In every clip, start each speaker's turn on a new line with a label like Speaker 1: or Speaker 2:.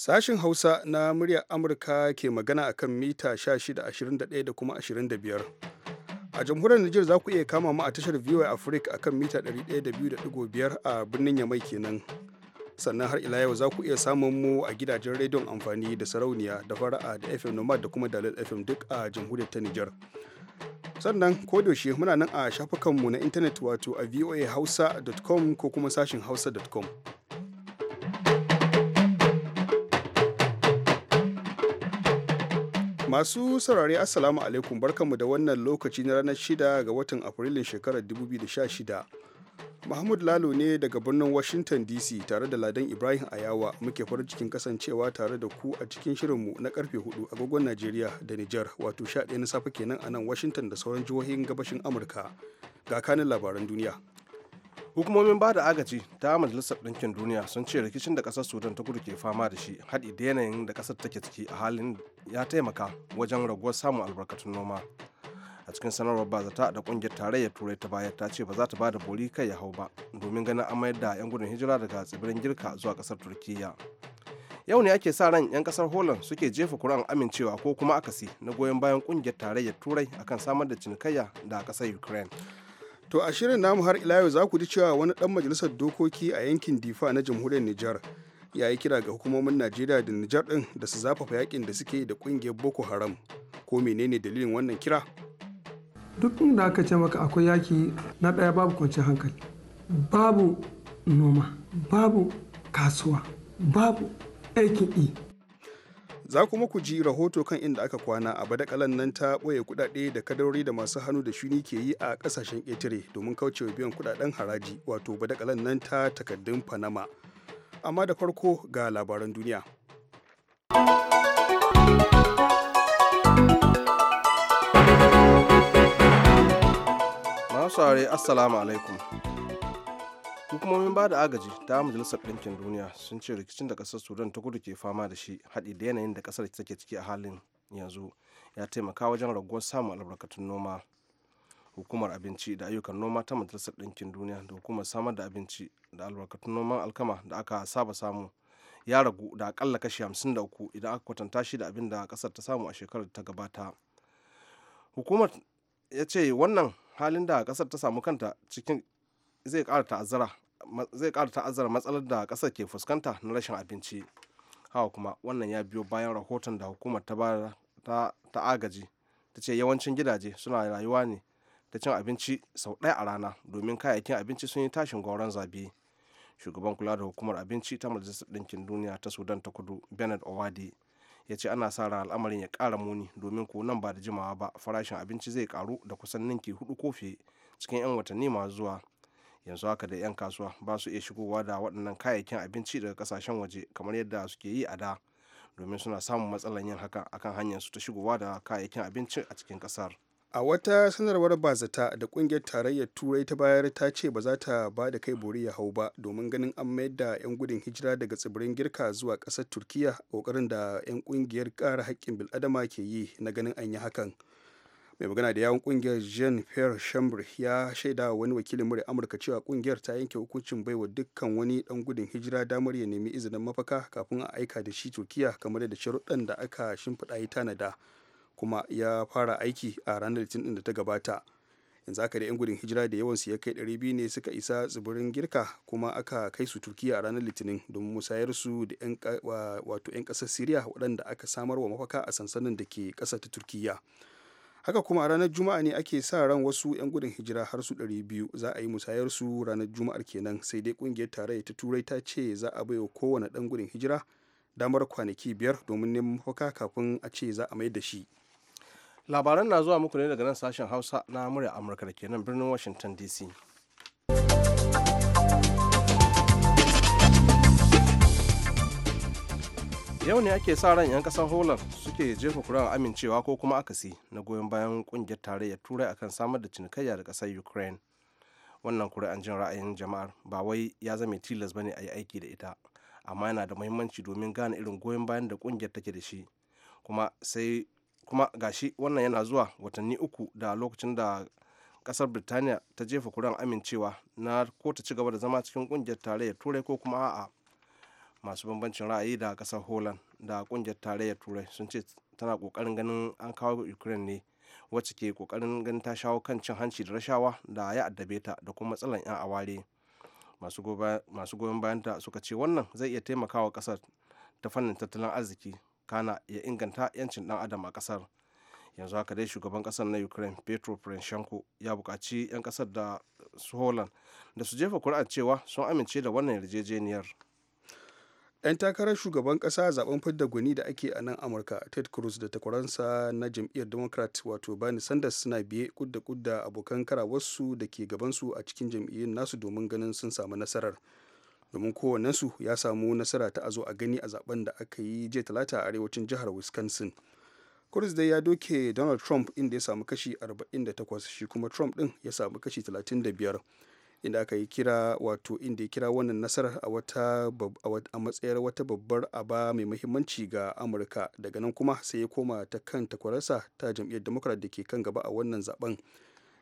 Speaker 1: Sashin Hausa na muryar Amurka ke magana a kan mita 1621 da kuma 25. A jamhuriyar Nijar za ku iya kama mu a tashar VOA Africa a kan mita 102.5 a birnin Yamai kenan. Sannan har ila yau za ku iya samun mu a gidajen rediyon amfani da sarauniya da fara'a da FM Nomad da kuma Dalil FM duk a jamhuriyar ta Nijar. sannan ko kodoshe muna nan a shafukanmu na intanet wato a voahausa.com ko kuma sashin hausa.com Masu saurare Assalamu alaikum barkanmu da wannan lokaci na ranar 6 ga watan Afrilun shekarar 2016. Mahmud Lalo ne daga birnin Washington DC tare da Ladan Ibrahim Ayawa muke farin cikin kasancewa tare da ku a cikin shirinmu na karfe 4 agogon Najeriya da Nijar wato 11 na safe kenan a nan Washington da sauran jihohin gabashin Amurka ga kanin labaran duniya. hukumomin ba da agaji ta majalisar
Speaker 2: ɗinkin duniya sun ce rikicin da ƙasar sudan ta kudu ke fama da shi haɗi da yanayin da ƙasar take ciki a halin ya taimaka wajen raguwar samun albarkatun noma a cikin sanarwar bazata da ƙungiyar tarayyar turai ta bayar ta ce ba za ta ba da bori kai ya hau ba domin ganin an mayar da 'yan gudun hijira daga tsibirin girka zuwa ƙasar turkiyya yau ne ake sa ran 'yan ƙasar holland suke jefa kuran amincewa ko kuma akasi na goyon bayan ƙungiyar tarayyar turai akan samar da cinikayya da ƙasar
Speaker 1: ukraine To a shirin namu har ila yau za ku ji cewa wani dan majalisar dokoki a yankin Difa na jamhuriyar Nijar ya yi kira ga hukumomin Najeriya da Nijar din da su zafafa yakin da suke da kungiyar Boko Haram. Ko menene dalilin wannan kira?
Speaker 3: Duk inda aka ce maka akwai yaki na ɗaya babu kwanciyar hankali, babu noma, babu kasuwa, babu aikin
Speaker 1: za kuma ku ji rahoto kan inda aka kwana a badakalan nan ta ɓoye kuɗaɗe da kadarori da masu hannu da shuni ke yi a ƙasashen ƙetare domin kaucewa biyan kudaden haraji wato badakalan nan ta takaddun panama amma da farko ga labaran duniya
Speaker 2: masu assalamu alaikum hukumomin ba da agaji ta majalisar ɗinkin duniya sun ce rikicin da ƙasar sudan ta kudu ke fama da shi haɗi da yanayin da ƙasar take ciki a halin yanzu ya taimaka wajen raguwar samun albarkatun noma hukumar abinci da ayyukan noma ta majalisar ɗinkin duniya da hukumar samar da abinci da albarkatun noman alkama da aka saba samu ya ragu da akalla kashi 53 idan aka kwatanta shi da abin da ƙasar ta samu a shekarar ta gabata hukumar ya ce wannan halin da ƙasar ta samu kanta cikin zai ƙara ta'azzara zai ƙara ta'azzara matsalar da ƙasar ke fuskanta na rashin abinci hawa kuma wannan ya biyo bayan rahoton da hukumar ta ta agaji ta ce yawancin gidaje suna rayuwa ne ta cin abinci sau ɗaya a rana domin kayayyakin abinci sun yi tashin gwauron zabi shugaban kula da hukumar abinci ta majalisar ɗinkin duniya ta sudan ta kudu bernard owadi ya ce ana sa ran al'amarin ya ƙara muni domin ko nan ba da jimawa ba farashin abinci zai karu da kusan ninki hudu kofi cikin 'yan watanni masu zuwa yanzu haka da 'yan kasuwa ba su iya shigowa da waɗannan kayayyakin abinci daga kasashen waje kamar yadda suke yi a da domin suna samun matsalar yin haka akan hanyar su ta shigowa da kayayyakin abinci a cikin ƙasar.
Speaker 1: a wata sanarwar bazata da kungiyar tarayyar turai ta bayar ta ce ba za ta ba da kai bori ya hau ba domin ganin an mayar da 'yan gudun hijira daga tsibirin girka zuwa kasar turkiya kokarin da 'yan kungiyar kara haƙƙin bil'adama ke yi na ganin an yi hakan mai magana da yawon kungiyar jean pierre chambre ya shaida wa wani wakilin murya amurka cewa kungiyar ta yanke hukuncin bai wa dukkan wani dan gudun hijira damar ya nemi izinin mafaka kafin a aika da shi turkiya kamar da sharuɗan da aka shimfiɗa ya tanada kuma ya fara aiki a ranar litinin da ta gabata yanzu aka da yan gudun hijira da yawansu ya kai 200 ne suka isa tsibirin girka kuma aka kai su turkiya a ranar litinin don musayar su da yan kasar syria waɗanda aka samar wa mafaka a sansanin da ke ƙasar ta turkiya haka kuma ranar juma'a ne ake sa ran wasu 'yan gudun hijira har su 200 za a yi musayar su ranar juma'ar kenan sai dai kungiyar tarayya ta turai ta ce za a baiwa kowane dan gudun hijira damar kwanaki biyar domin neman mafaka kafin a ce za a mai da shi labaran na zuwa muku ne daga nan sashen hausa na murya amurka da
Speaker 2: kenan birnin washington dc yau ne ake sa ran 'yan kasar holland suke jefa kuran amincewa ko kuma akasi na goyon bayan kungiyar tarayyar turai akan samar da cinikayya da kasar ukraine wannan kuri'an jin ra'ayin jama'ar ba wai ya zame tilas bane a yi aiki da ita amma yana da muhimmanci domin gane irin goyon bayan da kungiyar take da shi kuma sai kuma gashi wannan yana zuwa watanni uku da lokacin da kasar britaniya ta jefa kuran amincewa na ko ta ci gaba da zama cikin kungiyar tarayyar turai ko kuma a'a masu bambancin ra'ayi da kasar holland da kungiyar tarayyar turai sun ce tana kokarin ganin an kawo ukraine ne wacce ke kokarin ganin ta shawo kan cin hanci da rashawa da ya addabe ta da kuma matsalan yan aware masu goyon bayanta suka ce wannan zai iya taimakawa kasar ta fannin tattalin arziki kana ya inganta yancin dan adam a kasar yanzu haka dai shugaban kasar na ukraine petro poroshenko ya bukaci 'yan kasar da su holland da su jefa kuri'ar cewa sun amince da wannan yarjejeniyar
Speaker 1: 'yan takarar shugaban kasa a zaben fidda gwani da ake a nan amurka ted cruz da takwaransa na jam'iyyar democrat wato bernie sanders suna biye kudda kudda abokan karawarsu da ke gabansu a cikin jam'iyyun nasu domin ganin sun samu nasarar domin kowannensu ya samu nasara ta azo a gani a zaben da aka yi jiya talata a arewacin jihar wisconsin cruz dai ya doke donald trump inda ya samu kashi 48 shi kuma trump din ya samu kashi 35 inda aka yi kira wato inda ya kira wannan nasarar a wata a matsayar wata babbar aba mai muhimmanci ga amurka daga nan kuma sai ya koma ta kan takwararsa ta jam'iyyar democrat da ke kan gaba a wannan zaben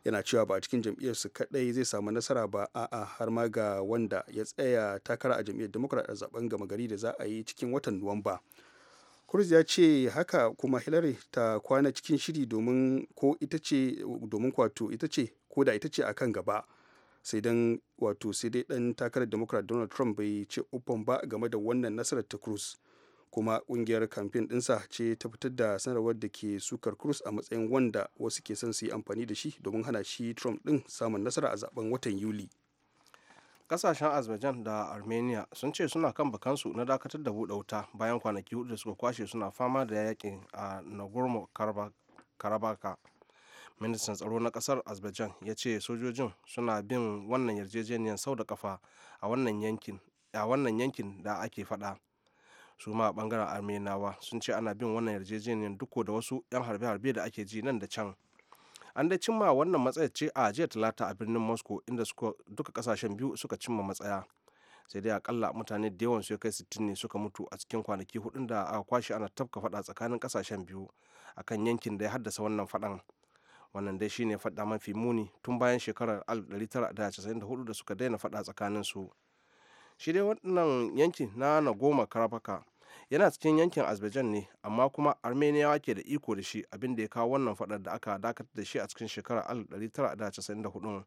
Speaker 1: yana cewa ba a cikin jam'iyyarsu kadai zai samu nasara ba a'a har ma ga wanda ya tsaya takara a jam'iyyar democrat a zaben gama gari da za a yi cikin watan nuwamba cruz ya ce haka kuma hillary ta kwana cikin shiri domin ko ita ce domin kwato ita ce ko da ita ce akan gaba sai dan wato sai dai dan takarar democrat donald trump bai ce uban ba game da wannan nasarar ta cruz kuma kungiyar kamfen dinsa ce ta fitar da sanarwar da ke sukar cruz a matsayin wanda wasu ke son su yi amfani da shi domin hana shi trump din samun nasara a zaben watan yuli kasashen azerbaijan da armenia
Speaker 2: sun ce suna kan bakansu na dakatar da buɗe wuta bayan kwanaki hudu da suka kwashe suna fama da yakin a nagorno karabaka ministan tsaro na kasar azerbaijan ya ce sojojin suna bin wannan yarjejeniyar sau da kafa a wannan yankin da ake fada su ma bangaren armenawa sun ce ana bin wannan yarjejeniyar duk da wasu 'yan harbe-harbe da ake ji nan da can an da cimma wannan matsayar ce a jiya talata a birnin moscow inda duka kasashen biyu suka cimma matsaya sai dai akalla mutane da yawan su kai sittin ne suka mutu a cikin kwanaki hudun da aka kwashe ana tafka fada tsakanin kasashen biyu akan yankin da ya haddasa wannan fadan wannan dai shine faɗa mafi muni tun bayan shekarar 1994 da suka daina faɗa tsakanin su shi dai wannan yanki na nagoma karabaka yana cikin yankin azerbaijan ne amma kuma armeniyawa ke da iko da shi abin da ya kawo wannan faɗar da aka dakatar da shi a cikin shekarar 1994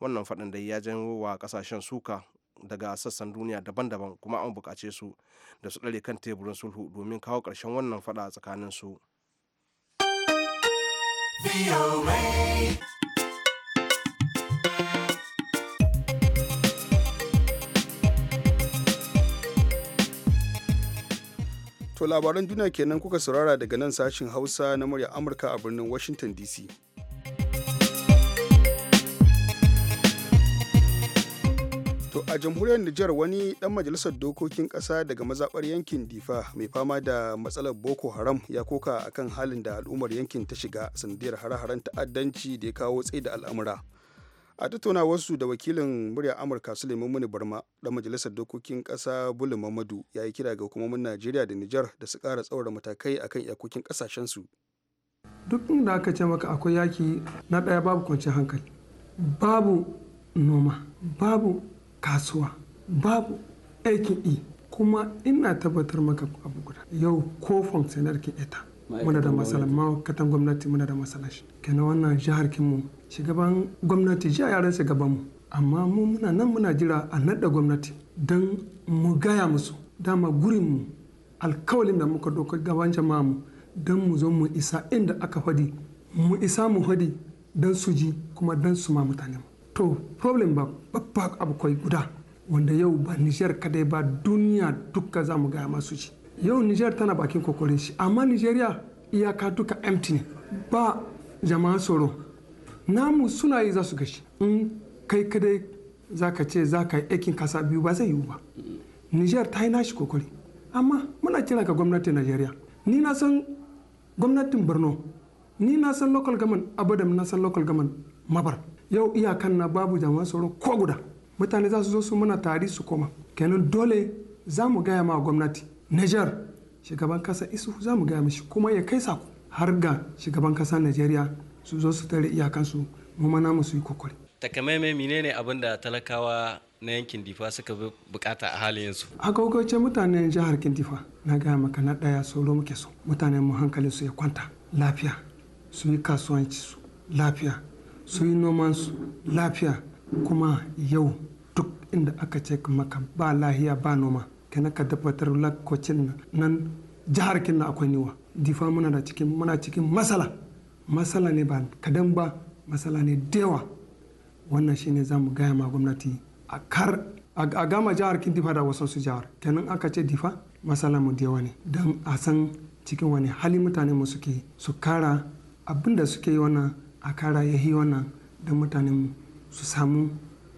Speaker 2: wannan faɗin da ya janyo wa kasashen suka daga sassan duniya daban-daban kuma an bukace su da su ɗare kan teburin sulhu domin kawo ƙarshen wannan faɗa tsakanin su.
Speaker 4: To
Speaker 1: labaran duniya kenan kuka saurara daga nan sashin Hausa na murya Amurka a birnin Washington DC. To a jamhuriyar Nijar wani dan majalisar dokokin ƙasa daga mazaɓar yankin Difa mai fama da matsalar Boko Haram ya koka akan halin da al'ummar yankin ta shiga sanadiyar hare-haren ta'addanci da ya kawo tsaye da al'amura. A tattauna wasu da wakilin murya Amurka Suleiman Muni Barma dan majalisar dokokin ƙasa Bulu Mamadu ya yi kira ga hukumomin Najeriya da Nijar da su ƙara tsaurara matakai akan iyakokin su.
Speaker 3: Duk inda aka ce maka akwai yaki na ɗaya babu kwanciyar hankali, babu noma, babu kasuwa babu aikin yi kuma ina tabbatar maka abu guda yau ko fonksiyonar kin ita muna da matsala ma'aikatan gwamnati muna da matsala shi kenan wannan jihar kinmu shugaban gwamnati jiya yaran shugaban mu amma mu muna nan muna jira a nadda gwamnati don mu gaya musu dama gurin mu alkawalin da muka doka gaban jama'a mu don mu zo mu isa inda aka hadi mu isa mu haɗi don su ji kuma don su ma mutane mu to problem ba babba abu kai guda wanda yau ba niger kadai ba duniya duka za mu gaya masu ci yau niger tana bakin kokore shi amma nigeria iyaka duka empty ne ba jama'a tsoro namu suna yi za su gashi in kai kadai za ce zaka yi aikin kasa biyu ba zai yiwu ba niger ta yi nashi kokore amma muna kira ga gwamnatin nigeria ni na san gwamnatin borno ni na san local government abadam na san local government mabar yau iyakan na babu jami'an sauran ko guda mutane za su zo su mana tari su koma kenan dole za mu gaya ma gwamnati niger shugaban kasa isu za mu gaya mishi kuma ya kai sako har ga shugaban kasa nigeria su zo su tare su mu mana musu yi
Speaker 5: kokari takamaimai menene abin da talakawa na yankin difa suka bukata a halin yanzu
Speaker 3: a gaugauce mutanen jihar kintifa na gaya maka na daya sauro muke so mutanen mu hankalin su ya kwanta lafiya su yi kasuwanci su lafiya sun yi nomansu lafiya kuma yau duk inda aka ce maka ba lahiya ba noma ka ka dabbatar lokacin nan jihar kinna akwai niwa difa muna da cikin muna cikin masala masala ne ba kadan ba masala ne dewa wannan shine za mu gaya ma gwamnati a kar a gama jihar kin difa da wasan su jihar kenan aka ce difa masala mu dewa ne Dan a san cikin wani hali mutane mu suke su kara abinda suke yi wannan a kara ya yi wannan don mutanen su samu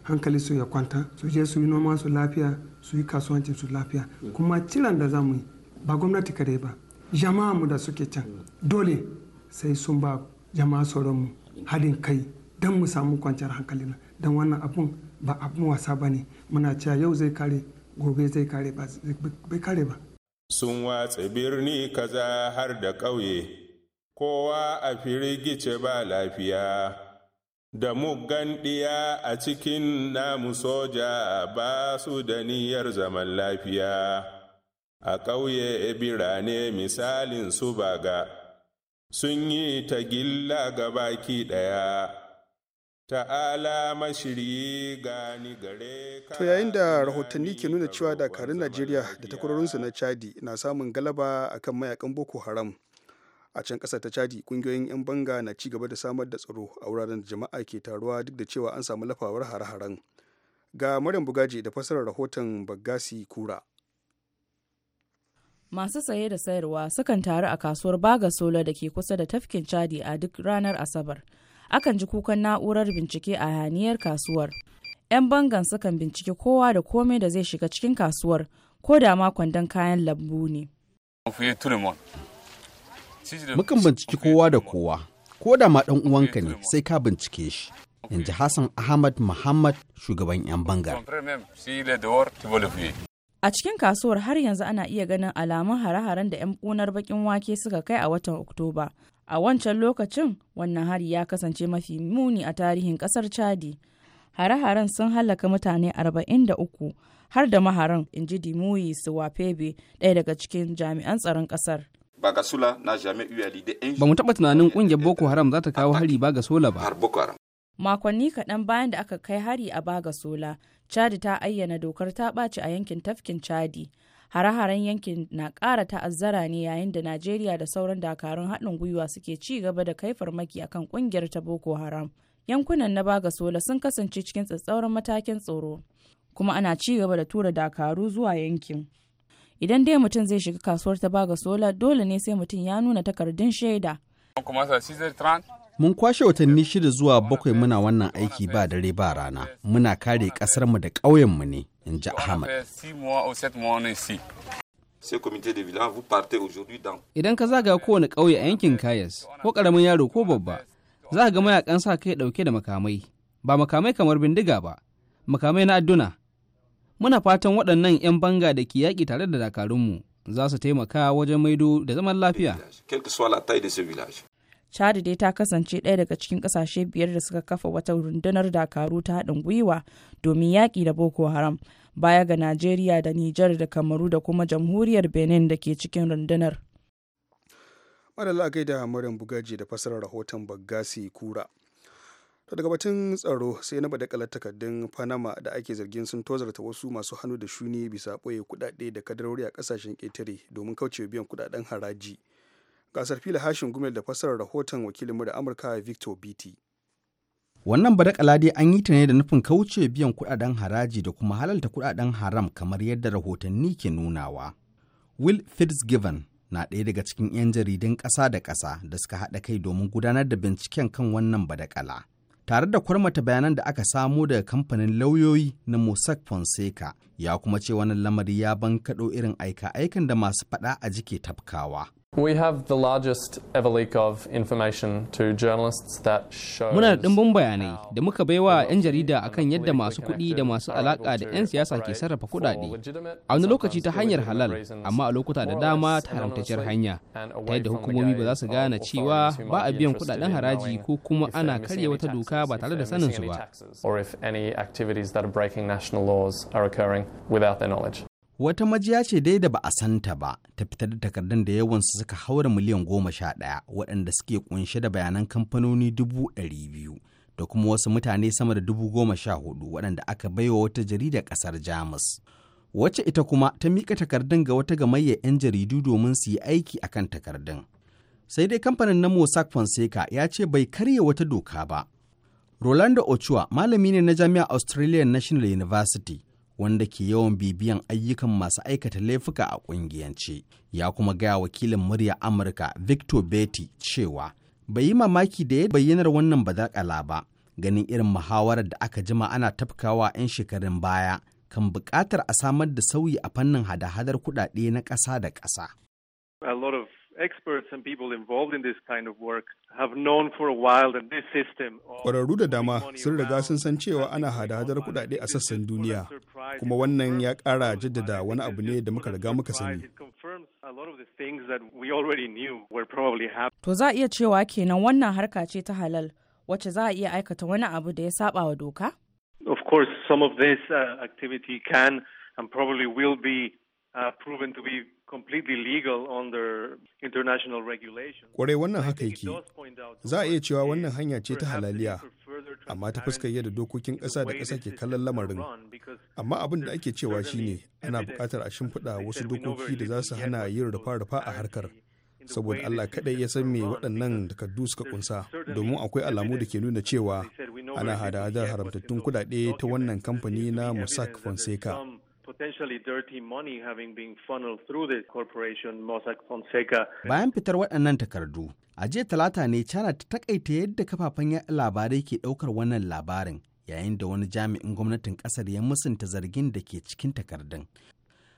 Speaker 3: hankali su ya kwanta su je su yi noma su lafiya su yi kasuwancin su lafiya kuma ciran da za mu yi ba gwamnati kadai ba jama'a mu da suke can dole sai sun ba jama'a tsoron mu haɗin kai don mu samu kwanciyar hankali na don wannan abun ba abun wasa ba ne muna cewa yau zai kare gobe zai kare ba ba
Speaker 1: sun watsa birni kaza har da ƙauye kowa a firgice ba lafiya, da muggan ɗiya a cikin namu soja ba su da niyyar zaman lafiya, a ƙauye birane misalin su baga, sun yi ta gilla ga baki ɗaya. ta'ala mashiri gani gare ka to yayin da rahotanni ke nuna cewa dakarun najeriya da takwarorinsu na chadi na samun galaba akan mayakan boko haram a can ƙasa ta chadi kungiyoyin 'yan banga na ci gaba da samar da tsaro a wuraren da jama'a ke taruwa duk da cewa an samu lafawar hare-haren ga maryam bugaji da fassarar rahoton bagasi kura
Speaker 6: masu saye da sayarwa sukan taru a kasuwar baga sola da ke kusa da tafkin chadi a duk ranar asabar akan ji kukan na'urar bincike a haniyar kasuwar 'yan bangan sukan bincike kowa da komai da zai shiga cikin kasuwar ko da ma kwandon kayan lambu ne
Speaker 5: Mukan binciki kowa da kowa, ko da ma ɗan uwanka ne sai ka bincike shi. In ji Hassan Ahmad Muhammad shugaban 'yan bangar.
Speaker 6: A cikin kasuwar har yanzu ana iya ganin alamun hare-haren da 'yan ƙunar baƙin wake suka kai a watan Oktoba. A wancan lokacin wannan hari ya kasance mafi muni a tarihin ƙasar Chadi. Hare-haren sun hallaka mutane 43 har da maharan, in inji Dimuyi Suwafebe, ɗaya daga cikin jami'an tsaron ƙasar.
Speaker 1: sula n'a jami'a
Speaker 7: eu Ba mu taɓa tunanin ƙungiyar Boko Haram za ta kawo hari ba. Har Boko Haram.
Speaker 6: Makonni kaɗan bayan da aka kai hari a baga sola Chadi ta ayyana dokar ta ɓaci a yankin tafkin Chadi. Hare-haren yankin na ƙara ta'azzara ne yayin da Najeriya da sauran dakarun haɗin gwiwa suke ci gaba da kai farmaki a kan ƙungiyar ta Boko Haram. Yankunan na baga sola sun kasance cikin tsatsauran matakin tsoro, kuma ana ci gaba da tura dakaru zuwa yankin. idan dai mutum zai shiga kasuwar ta baga sola dole ne sai mutum ya nuna takardun shaida
Speaker 5: mun kwashe watanni shida zuwa bakwai muna wannan aiki ba dare ba rana muna kare ƙasarmu da ƙauyenmu ne in ji ahmad Idan ka zaga kowane ƙauye
Speaker 7: a yankin Kayas, ko ƙaramin yaro ko babba, za ka ga mayakan sa kai ɗauke da makamai, ba makamai kamar bindiga ba, makamai na adduna, muna fatan waɗannan 'yan banga da ke yaƙi tare da dakarunmu za su taimaka wajen maido da zaman lafiya
Speaker 6: chad dai ta kasance ɗaya daga cikin ƙasashe biyar da suka kafa wata rundunar dakaru ta haɗin gwiwa domin yaƙi da boko haram baya ga najeriya da nijar da kamaru da kuma jamhuriyar benin da ke cikin rundunar
Speaker 1: madalla da maryam bugaji da fasarar rahoton bagasi kura to daga batun tsaro sai na bada badakalar takardun panama da ake zargin sun tozarta wasu masu hannu da shuni bisa ɓoye kuɗaɗe da kadarori a ƙasashen ƙetare domin kaucewa biyan kudaden haraji gasar fila hashin gumel da fassarar rahoton wakilinmu da amurka victor bt
Speaker 5: wannan badakala dai an yi ta ne da nufin kauce biyan kudaden haraji da kuma halalta kudaden haram kamar yadda rahotanni ke nunawa will fitzgibbon na ɗaya daga cikin 'yan jaridun ƙasa da ƙasa da suka haɗa kai domin gudanar da binciken kan wannan badakala tare da kwarmata bayanan da aka samu daga kamfanin lauyoyi na Mossack Fonseca ya kuma ce wannan lamari ya bankaɗo irin aika-aikan da masu faɗa a jike tafkawa.
Speaker 6: Muna da
Speaker 7: ɗimbin bayanai da muka baiwa 'yan jarida akan yadda masu kuɗi da masu alaƙa da 'yan siyasa ke sarrafa kuɗaɗe. A wani lokaci ta hanyar halal, amma a lokuta da dama ta haramtacciyar hanya, ta yadda hukumomi ba za su gane cewa ba a biyan kuɗaɗen haraji ko kuma ana karya wata doka ba tare da saninsu ba.
Speaker 5: wata majiya ce dai da ba a santa ba ta fitar da takardun da yawansu suka haura miliyan goma sha ɗaya waɗanda suke kunshe da bayanan kamfanoni dubu ɗari biyu da kuma wasu mutane sama da dubu goma sha hudu waɗanda aka baiwa wata jaridar ƙasar jamus wacce ita kuma ta miƙa takardun ga wata gamayyar 'yan jaridu domin su yi aiki a kan takardun sai dai kamfanin na mossack fonseca ya ce bai karya wata doka ba rolando ochoa malami ne na jami'ar australian national university wanda ke yawan bibiyan ayyukan masu aikata laifuka a kungiyance ya kuma gaya wakilin murya amurka victor betty cewa bai yi mamaki da ya bayyanar wannan bazaƙala ba ganin irin muhawarar da aka jima ana tafkawa 'yan shekarun baya kan buƙatar a samar da sauyi a fannin hada-hadar kuɗaɗe na ƙasa da ƙasa.
Speaker 3: A lot of experts and people involved in this kind of work have known for a while that this system
Speaker 1: Ƙwararru da dama sun riga sun san cewa ana hada-hadar kuɗaɗe a sassan duniya, kuma wannan ya ƙara jaddada wani abu ne da muka riga muka sani.
Speaker 6: To za a iya cewa kenan wannan harka ce ta halal wacce za a iya aikata wani abu da ya saba wa doka? Of course, some of this
Speaker 2: uh, activity can and probably will
Speaker 1: be uh, proven to be Kwarai wannan haka yake. Za a iya cewa wannan hanya ce ta halaliya, amma ta fuskar yadda dokokin ƙasa da ƙasa ke kallon lamarin. Amma abin da ake cewa shine ana buƙatar a shimfiɗa wasu dokoki da za su hana yin rufa-rufa a harkar. saboda Allah kaɗai ya san me waɗannan takardu suka kunsa domin akwai alamu da ke nuna cewa ana hada-hadar haramtattun kudade ta wannan kamfani na Mossack Fonseca Bayan fitar waɗannan takardu,
Speaker 5: a jiya talata ne China ta takaita yadda kafafen yaɗa labarai ke ɗaukar wannan labarin yayin da wani jami'in gwamnatin ƙasar ya musanta zargin da ke cikin takardun.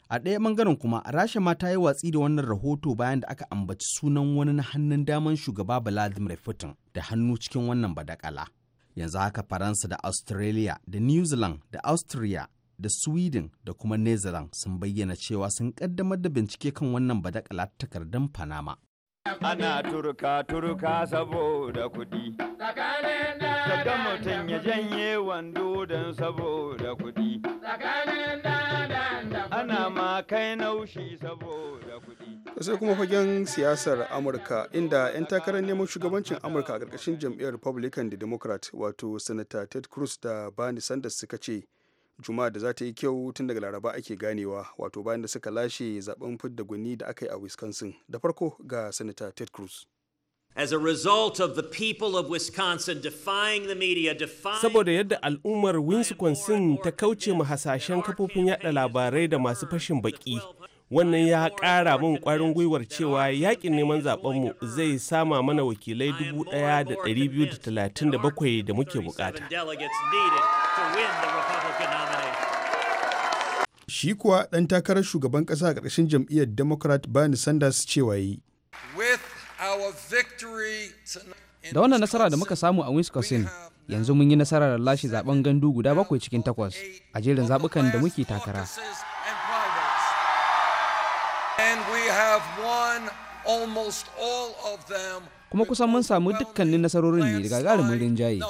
Speaker 5: A ɗaya ɓangaren kuma, Rasha ma ta yi watsi da wannan rahoto bayan da aka ambaci sunan wani na hannun daman shugaba Vladimir Putin da hannu cikin wannan badakala. Yanzu haka Faransa da Australia da New Zealand da Austria da sweden da kuma netherlands sun bayyana cewa sun kaddamar da bincike kan wannan badakala takardar panama
Speaker 4: ana
Speaker 3: turka turka saboda kuɗi
Speaker 4: daga mutum ya janye
Speaker 5: wando don saboda kuɗi
Speaker 4: ana ma kai naushi saboda
Speaker 1: kuɗi sai kuma fagen siyasar amurka inda 'yan takarar neman shugabancin amurka a ƙarƙashin jam'iyyar republican da democrat wato sanata ted cruz da bernie sanders suka ce juma'a da za ta yi kyau tun daga laraba ake ganewa wato bayan da suka lashe zaben fidda gwani da aka yi a wisconsin da farko ga senator ted cruz
Speaker 8: result of the people of Wisconsin the media,
Speaker 1: Saboda
Speaker 2: yadda al'ummar Wisconsin ta kauce ma hasashen kafofin yada labarai da masu fashin baki, wannan ya ƙara min ƙwarin gwiwar cewa yakin neman zaɓenmu zai
Speaker 1: sama mana wakilai 1,237 da muke bukata. Shi kuwa ɗan takarar shugaban ƙasa a ƙarshen jam'iyyar Democrat Bernie Sanders cewa yi. Da wannan nasara da muka samu a Wisconsin, yanzu mun yi nasara da
Speaker 7: lashe zaben gandu guda bakwai cikin takwas a jerin zaɓukan da muke takara. Kuma kusan mun samu dukkanin nasarorin ne daga gagarumin rinjaye.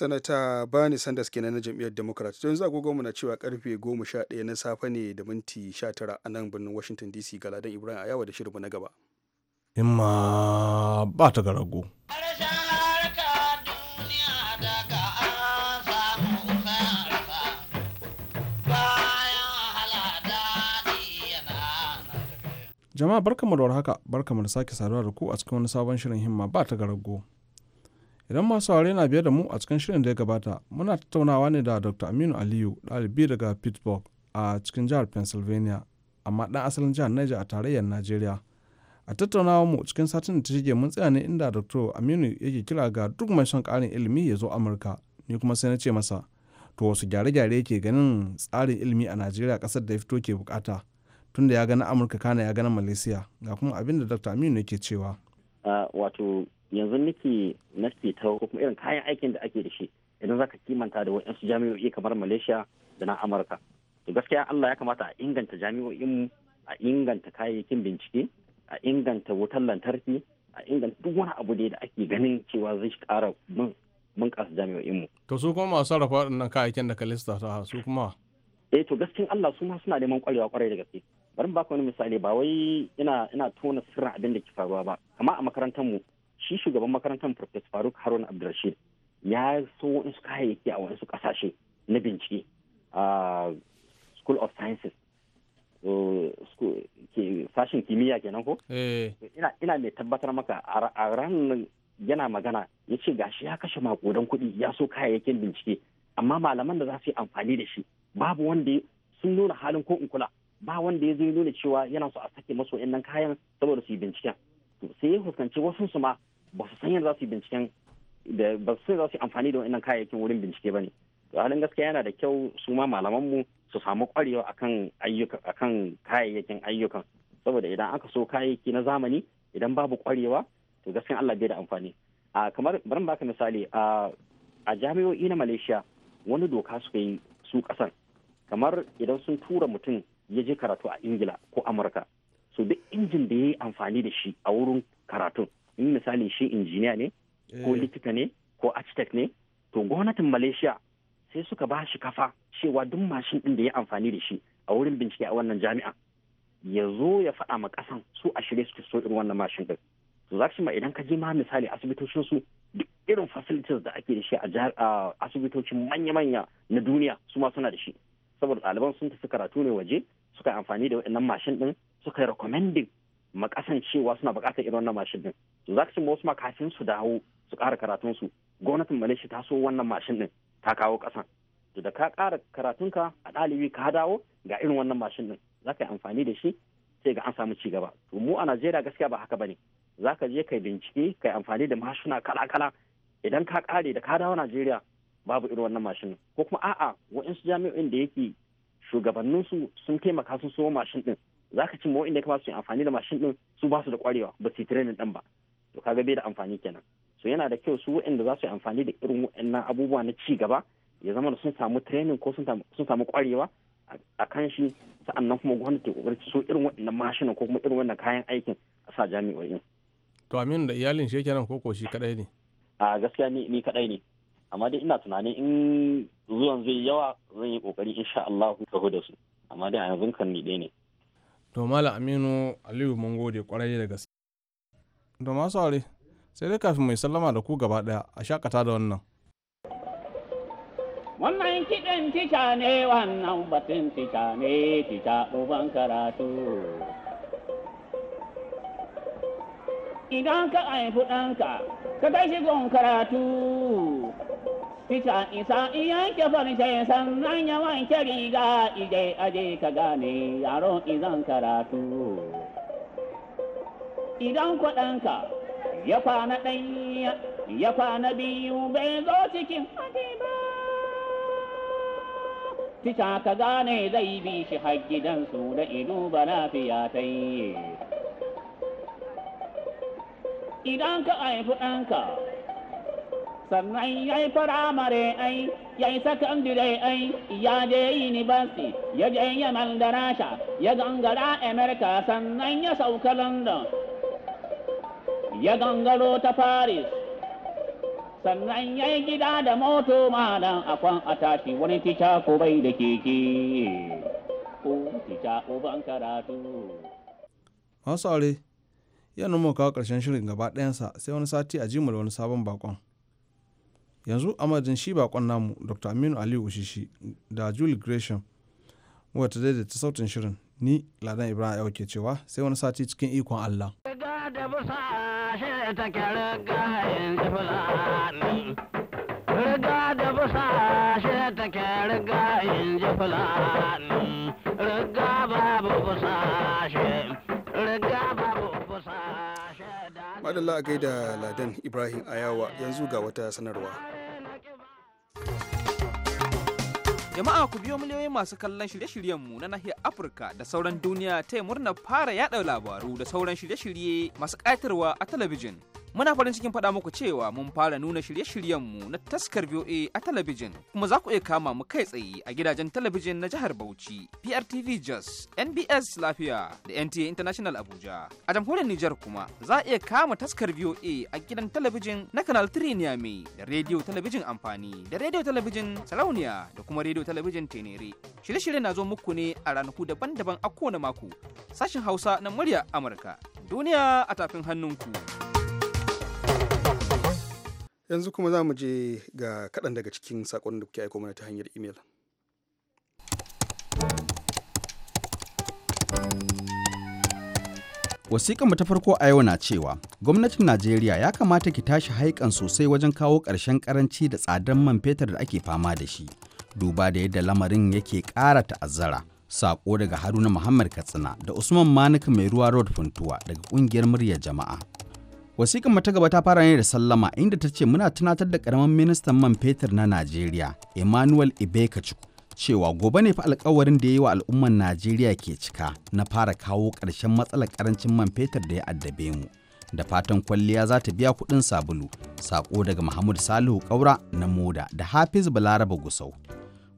Speaker 1: sanata bani sanders kenan na jam'iyyar democrat don zagogon mu na cewa karfe 11 na safe ne da minti 19 a nan birnin washington dc ga ladan ibrahim ayawa da shirinmu na gaba
Speaker 2: imma ba ta ga rago jama'a barkamu da haka barkamu da sake saduwa da ku a cikin wani sabon shirin himma ba ta ga rago idan masu saurari na biye da mu a cikin shirin da ya gabata muna tattaunawa ne da dr aminu aliyu ɗalibi daga pittsburgh a cikin jihar pennsylvania amma ɗan asalin jihar niger a tarayyar najeriya a tattaunawa mu cikin satin da ta shige mun tsaya ne inda dr aminu yake kira ga duk mai son ƙarin ilimi ya zo amurka ni kuma sai na ce masa to wasu gyare-gyare yake ganin tsarin ilimi a najeriya ƙasar da ya fito ke bukata tunda ya gani amurka kana ya gani malaysia ga kuma abin da dr aminu yake cewa
Speaker 8: wato yanzu nake na fita ko kuma irin kayan aikin da ake da shi idan zaka kimanta da wasu jami'o'i kamar malaysia da na amurka to gaskiya allah ya kamata a inganta jami'o'in a inganta kayayyakin bincike a inganta wutar lantarki a inganta duk wani abu da ake ganin cewa zai kara bunƙasa jami'o'inmu.
Speaker 2: to su kuma masu sarrafa waɗannan kayayyakin da ka ta su kuma
Speaker 8: eh to gaskiyan Allah su ma suna neman kwarewa kwarai da gaske bari ba ku wani misali ba wai ina ina tona sirrin abin da ke faruwa ba amma a makarantar mu shi shugaban makarantar Profes Faruk Harun Abdulrashid ya so wasu kayayyaki a wasu kasashe na bincike a School of Sciences sashen kimiyya kenan ko? Eh. Ina mai tabbatar maka a ran yana magana ya ce gashi ya kashe makudan kuɗi ya so kayayyakin bincike amma malaman da za su yi amfani da shi babu wanda sun nuna halin ko in kula ba wanda ya zai nuna cewa yana so a sake masu nan kayan saboda su yi binciken sai ya fuskanci wasu su ma ba su san za su binciken da ba su za su amfani da wannan kayayyakin wurin bincike ba ne to halin gaskiya yana da kyau su ma mu su samu kwarewa akan ayyuka akan kayayyakin ayyukan saboda idan aka so kayayyaki na zamani idan babu kwarewa to gaskiya Allah bai da amfani a kamar bari baka misali a a jami'o'i na Malaysia wani doka suka yi su kasan kamar idan sun tura mutum ya je karatu a Ingila ko Amurka so duk injin da ya yi amfani da shi a wurin karatun in misali shi injiniya ne ko eh. likita ne ko architect ne to gwamnatin malaysia sai suka ba shi kafa cewa duk mashin din da ya amfani da shi a wurin bincike a wannan jami'a ya zo ya faɗa ma ƙasan su a shirye suke so irin wannan mashin din to za ma idan ka je ma misali asibitocin su duk irin facilities da ake da shi a asibitocin manya-manya na duniya su ma suna da shi saboda ɗaliban sun tafi karatu ne waje suka amfani da waɗannan mashin din suka yi recommending makasancewa suna bukatar irin wannan mashin din to za ka ci wasu makasin su dawo su ƙara karatun su gwamnatin malaysia ta so wannan mashin din ta kawo ƙasan to da ka ƙara karatunka a ɗalibi ka dawo ga irin wannan mashin din za ka yi amfani da shi sai ga an samu ci gaba to mu a najeriya gaskiya ba haka bane za ka je kai bincike kai amfani da mashina kala-kala idan ka ƙare da ka dawo najeriya babu irin wannan mashin ko kuma a'a wa'insu jami'o'in da yake shugabanninsu sun taimaka sun so mashin din za ka cimma ya kamata su yi amfani da mashin din su ba su da kwarewa ba su yi training din ba to kaga bai da amfani kenan so yana da kyau su wa'inda za su yi amfani da irin wa'annan abubuwa na ci gaba ya zama da sun samu training ko sun samu kwarewa a kan shi sa'annan kuma gwamnati kokarci so irin wa'annan mashinan ko kuma irin wannan kayan aikin a sa jami'o'in
Speaker 2: to aminu da iyalin shi kenan ko ko shi kadai ne
Speaker 8: a gaskiya ni ni kadai ne amma dai ina tunanin in zuwan zai yawa zan yi kokari insha Allah taho da su amma dai a yanzu kan ni ɗaya ne
Speaker 2: To mala Aminu Aliyu mun gode kwarai da gaske. Da masu aure, sai dai kafin mai sallama da ku gaba daya a shakata da wannan.
Speaker 4: Wannan kiɗin tica ne wannan batun tica ne tica ɗuban karatu. Idan ka aifi ɗanka, ka tashi gon karatu. Ita isa iya ke farce sannan ya wanke riga ije aje ka gane yaro izan karatu. Idan kwaɗanka ya kwana ɗaya ya kwana biyu bai zo cikin haɗi ba. ka gane zai bi shi har gidansu da ido ba lafiya ta yi. Idan ka haifi ɗanka sannan ya yi firamare ai ya yi sakandire ai ya je yunibasti ya je yamal da rasha ya gangara america sannan ya sauka london ya gangaro ta paris sannan ya yi gida da moto malam akwan a tashi wani tica ko bai da keke ko tica ban karatu
Speaker 2: masu aure yanu mu kawo shirin gaba ɗayansa sai wani sati a jimar wani sabon bakon. yanzu a shi bakon namu dr aminu aliyu ushishi da julie gresham wadda ta sautin shirin ni ladan ibrahim ya ke cewa sai wani sati cikin ikon allah
Speaker 4: riga da busa ta ke riga in ji fulani riga babu bu shi
Speaker 1: madalla a gaida ladan ibrahim ayawa yanzu ga wata sanarwa
Speaker 7: jama'a ku biyo miliyoyi masu kallon shirye-shiryenmu na nahiyar afirka da sauran duniya ta yi murnar fara yada labaru da sauran shirye-shirye masu ƙayatarwa a talabijin Muna farin cikin faɗa muku cewa mun fara nuna shirye-shiryenmu na taskar VOA a talabijin, kuma za ku iya kama mu kai tsaye a gidajen talabijin na jihar Bauchi, PRTV Jos, NBS Lafiya da NTA International Abuja. A jamhuriyar Nijar kuma za a iya kama taskar VOA a gidan talabijin na Canal 3 Niamey da rediyo talabijin amfani da rediyo talabijin Sarauniya da kuma rediyo talabijin Tenere. Shirye-shiryen na zo muku ne a ranaku daban-daban a kowane mako. Sashen Hausa na murya Amurka. Duniya a tafin hannunku.
Speaker 1: yanzu kuma za mu je ga kaɗan daga cikin saƙon da kuke aiko mana ta hanyar imel
Speaker 5: mu ta farko a yau na cewa gwamnatin najeriya ya kamata ki tashi haikan sosai wajen kawo ƙarshen karanci da tsadar man fetur da ake fama da shi duba da yadda lamarin yake ƙara ta'azzara saƙo daga haruna muhammad katsina da usman manik mai ruwa road funtuwa daga ƙungiyar muryar jama'a Wasikan mata gaba ta fara ne da sallama inda ta ce muna tunatar da karamin ministan man fetur na Najeriya, Emmanuel Ibekachukwu, cewa gobe ne fa alkawarin da ya yi wa al'umman Najeriya ke cika na fara kawo ƙarshen matsalar karancin man fetur da ya addabe mu. Da fatan kwalliya za ta biya kuɗin sabulu, saƙo daga Muhammad Salihu ƙaura na Moda da Hafiz Balaraba Gusau.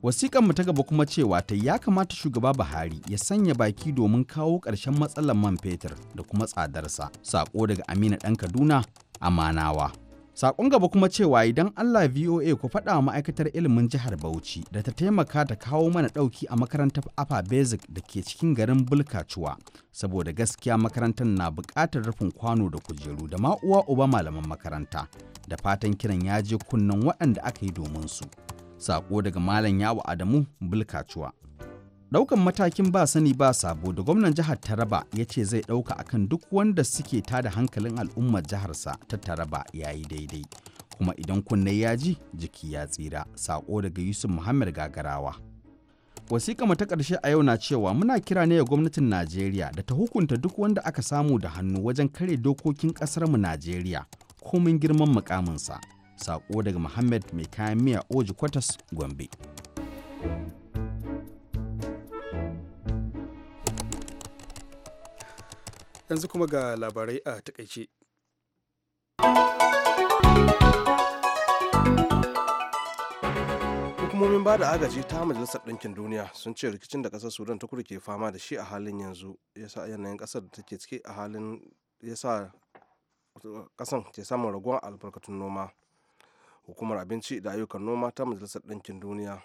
Speaker 5: wasiƙan mu ta gaba kuma cewa ta ya kamata shugaba Buhari ya sanya baki domin kawo ƙarshen matsalar man fetur da kuma tsadarsa. Sako daga amina ɗan Kaduna, Amanawa. Sakon gaba kuma cewa idan Allah VOA ku faɗa wa ma'aikatar ilimin jihar Bauchi da ta taimaka ta kawo mana ɗauki a makarantar Apa Basic da ke cikin garin Bulkacuwa, saboda gaskiya makarantar na buƙatar rufin kwano da kujeru da ma uwa uba malaman makaranta, da fatan kiran ya je kunnen waɗanda aka yi domin su. Sako daga Malam Yawo Adamu Bulkacuwa. Daukan matakin ba sani ba sabo da gwamnan jihar Taraba ya ce zai dauka akan duk wanda suke tada hankalin al'ummar jiharsa ta Taraba ya yi daidai. Kuma idan kunne ya ji jiki ya tsira. Sako daga Yusuf Muhammad Gagarawa. wasiƙa mu ta ƙarshe a yau na cewa muna kira ne ga gwamnatin Najeriya da ta hukunta duk wanda aka samu da hannu wajen kare dokokin ƙasarmu Najeriya komin girman mukaminsa. Sako daga Muhammad mai kayan miya Oji Kwatas Gombe.
Speaker 1: Yanzu kuma ga labarai a takaice.
Speaker 2: hukumomin ba da agaji ta majalisar ɗinkin duniya sun ce rikicin da ƙasar sudan ta kudu ke fama da shi a halin yanzu yasa yanayin ƙasar da take ciki a halin yasa ƙasan ke samun raguwar albarkatun noma hukumar abinci da ayyukan noma ta majalisar ɗinkin duniya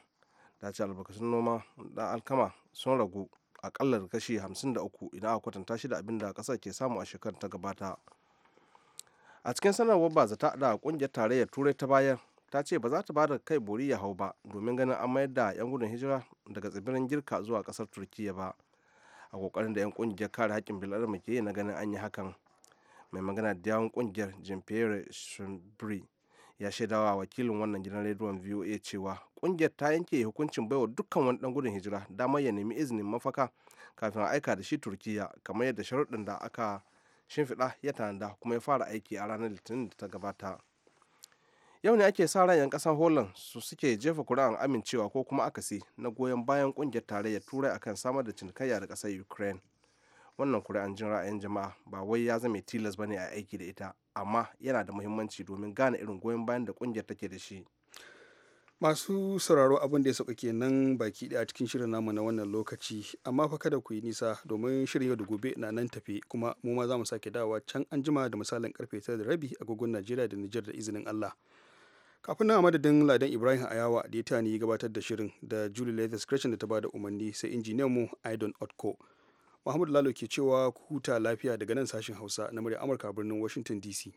Speaker 2: ta ce albarkatun noma da alkama sun ragu akalla da kashi 53 idan a kwatanta shi da abin da ƙasar ke samu a shekarar ta gabata a cikin sanarwar ba zata da kungiyar tarayyar turai ta bayar ta ce ba za ta bada kai bori ya hau ba domin ganin an mayar da 'yan gudun hijira daga tsibirin girka zuwa kasar turkiya ba a kokarin da 'yan kungiyar kare haƙƙin bil'adama ke yi na ganin an yi hakan mai magana da yawon kungiyar jim pierre shumbri ya shaidawa wakilin wannan gidan rediyon voa cewa kungiyar ta yanke hukuncin baiwa dukkan wani dan gudun hijira damar ya nemi izinin mafaka kafin a aika da shi turkiya kamar yadda sharuɗin da aka shimfiɗa ya tanada kuma ya fara aiki a ranar litinin da ta gabata yau ne ake sa ran 'yan kasar holland su suke jefa kuri'an amincewa ko kuma akasi na goyon bayan kungiyar tarayyar turai akan samar da cinikayya da kasar ukraine wannan kuri'an jin ra'ayin jama'a ba wai ya zame tilas bane a aiki da ita amma yana da
Speaker 1: muhimmanci domin gane irin goyon bayan da kungiyar take da shi masu sauraro abin da ya sauka kenan baki daya cikin shirin namu na wannan lokaci amma fa kada ku yi nisa domin shirin yau da gobe na nan tafe kuma mu ma za mu sake dawowa can an jima da misalin karfe tara da rabi a agogon najeriya da nijar da izinin allah kafin nan a madadin ladan ibrahim ayawa da ya tani gabatar da shirin da julie leathers da ta ba da umarni sai injiniyan mu idon otko Muhammadu Lalo ke cewa ku huta lafiya daga nan sashen Hausa na murya Amurka birnin Washington DC.